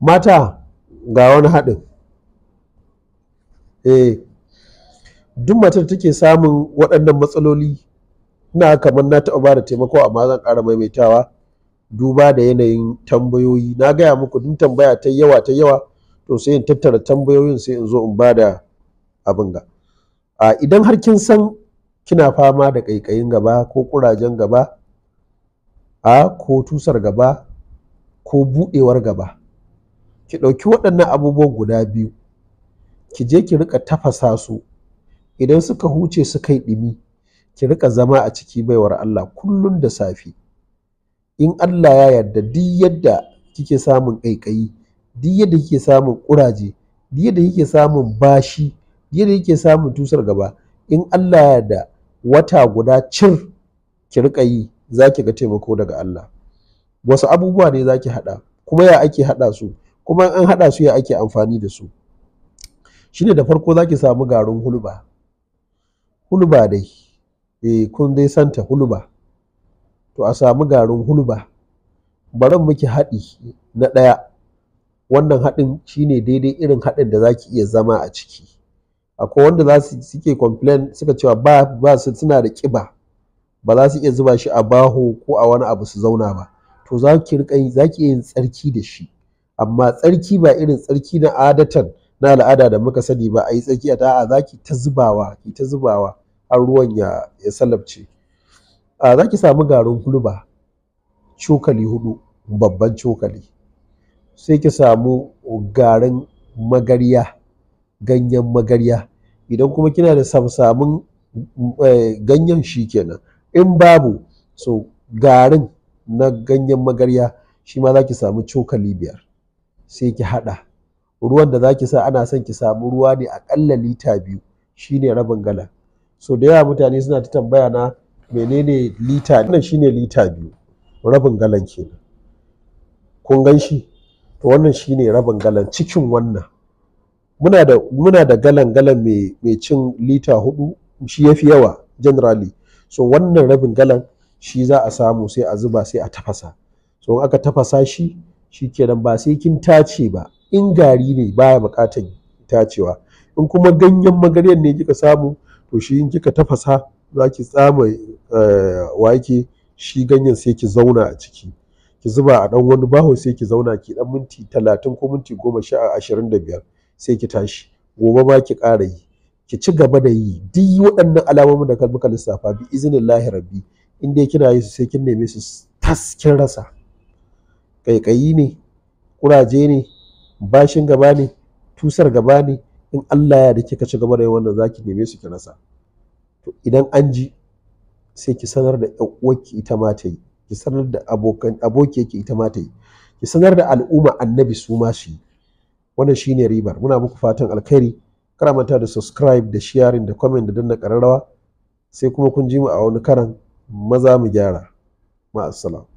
mata ga wani haɗin eh duk matar take samun waɗannan matsaloli na kamar na taɓa ba da taimako amma zan ƙara maimaitawa duba da yanayin tambayoyi na gaya muku duk tambaya ta yawa ta yawa to sai in tattara tambayoyin sai in zo in ba da abin ga a idan har kin san kina fama da ƙaiƙayin gaba ko ƙurajen gaba a ko tusar gaba ko buɗewar gaba ki ɗauki waɗannan abubuwan guda biyu ki je ki rika tafasa su idan suka huce suka yi ɗumi ki rika zama a ciki baiwar Allah kullum da safe in Allah ya yarda duk yadda kike samun ƙaiƙayi duk yadda kike samun ƙuraje duk yadda kike samun bashi duk yadda kike samun tusar gaba in Allah ya yarda wata guda cir ki rika yi zaki ga taimako daga Allah wasu abubuwa ne zaki ki haɗa kuma ya ake haɗa su kuma an haɗa su ya ake amfani da su shi ne da farko za ki samu garin hulba hulba dai e kun dai santa hulba to a samu garin hulba baran muke haɗi na ɗaya wannan haɗin shine daidai irin haɗin da za ki iya zama a ciki akwai wanda za su suke complain suka cewa ba ba su suna da ƙiba ba za su iya zuba shi a baho ko a wani abu su zauna ba to za ki rika za ki yin tsarki da shi amma tsarki ba irin tsarki na adatan na al'ada da muka sani ba a yi tsarki a ta'a za ki ta zubawa ki ta zubawa har ruwan ya ya salabce a za ki samu garin kulba cokali hudu babban cokali sai ki samu garin magarya ganyen magarya idan kuma kina da samsamin eh, ganyen shi kenan in babu so garin na ganyen magarya shi ma za ki samu cokali biyar sai ki haɗa ruwan da zaki sa ana son ki samu ruwa ne aƙalla lita biyu shine rabin galan so da yawa mutane suna ta tambaya na menene lita wannan shine lita biyu rabin galan kenan kun gan shi to wannan shine rabin galan cikin wannan muna da galan galan mai cin lita hudu shi yafi yawa generally so wannan rabin galan shi za a samu sai a zuba sai a tafasa so aka tafasa shi shikenan ba sai kin tace ba in gari ne baya bukatar tacewa in kuma ganyen magaryar ne kika samu to shi in kika tafasa za ki tsama eh, wake shi ganyen sai ki zauna a ciki ki zuba a dan wani baho sai ki zauna ki dan minti talatin ko minti goma sha ashirin da biyar sai ki tashi gobe ba ki ƙara yi ki ci gaba da yi duk waɗannan alamomin da muka lissafa bi izinin rabbi inda kina yi su sai kin neme su tas kin rasa ƙaiƙayi ne ƙuraje ne bashin gaba ne tusar gaba ne in Allah ya da kika ci gaba da za zaki neme su ki rasa to idan an ji sai ki sanar da ƴan uwarki ita ma ta yi ki sanar da abokan abokiyarki ita ma ta yi ki sanar da al'umma annabi su ma su yi wannan shine ribar muna muku fatan alkhairi kar da subscribe da sharing da comment da danna ƙararrawa sai kuma kun ji mu a wani karan maza mu gyara ma'assalam